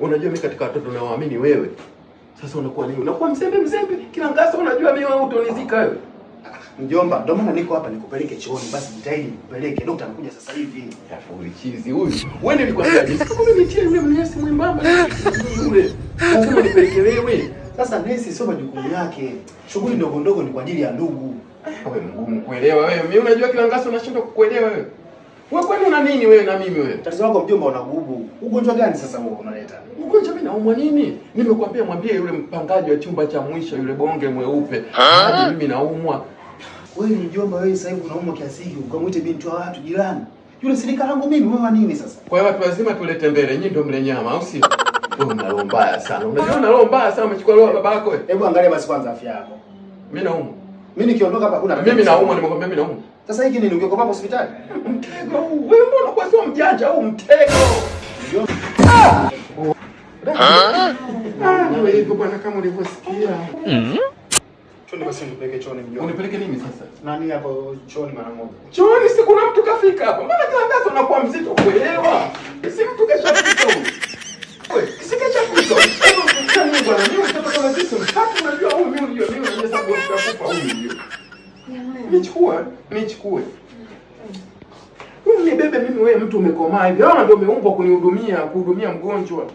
Unajua mimi katika watoto nawaamini wewe. Sasa unakuwa nini? Unakuwa mzembe mzembe. Kila ngasa unajua mimi wewe utonizika wewe. Mjomba, ndio maana niko hapa nikupeleke chooni basi jitahidi nikupeleke. Dokta anakuja sasa hivi. Alafu chizi huyu. Wewe nilikwambia Sasa Kumbe nitie mimi mnyasi mwembamba. Yule. Sasa nipeleke wewe. Sasa nesi sio majukumu yake. Shughuli ndogo ndogo ni kwa ajili ya ndugu. Wewe mgumu kuelewa wewe. Mimi unajua kila ngasa unashindwa kukuelewa wewe. Wewe una nini wewe na mimi wewe? Tatizo lako mjomba, una unagubu. Ugonjwa gani sasa wewe unaleta? Ugonjwa mimi naumwa nini? Nimekwambia mwambie yule mpangaji wa chumba cha mwisho yule bonge mweupe. Hadi mimi naumwa. Wewe ni mjomba wewe sasa hivi unaumwa kiasi hiki ukamwite binti wa watu jirani. Yule silika langu mimi wewe nini sasa? Kwa hiyo watu wazima tulete mbele, nyinyi ndio mle nyama au si? Wewe una roho mbaya sana. Unajua una roho mbaya sana umechukua roho babako wewe. Hebu angalia basi kwanza afya yako. Mimi naumwa. Mimi nikiondoka hapa hakuna. Mimi naumwa, nimekwambia mimi naumwa. Sasa hiki nini ungekopa hapo hospitali? Mtego huu. Wewe mbona kwa sio mjanja huu mtego? Ah! Wewe hivyo bwana kama ulivyosikia. Mhm. Choni basi nipeleke choni mjomba. Unipeleke nini sasa? Nani hapo choni mara moja? Choni si kuna mtu kafika hapa. Mbona kila ndazo unakuwa mzito kuelewa? Si mtu kesho huko. Wewe, kisikesha ni Bwana, ni mtu kama sisi mtatu unajua huyu mimi ndio mimi sababu nitakupa huyu. Nichukue, nichukue. Wewe nibebe mimi, wewe mtu umekomaa hivi. Wewe ndio umeumbwa kunihudumia, kuhudumia mgonjwa.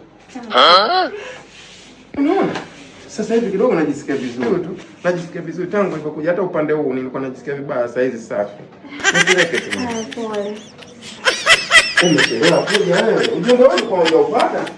Unaona? Sasa hivi kidogo najisikia vizuri tu. Najisikia vizuri tangu nilipokuja hata upande huu nilikuwa najisikia vibaya, sasa hizi safi. Nipeleke tu. Umechelewa kuja wewe. Ujumbe wako kwa ujao upata.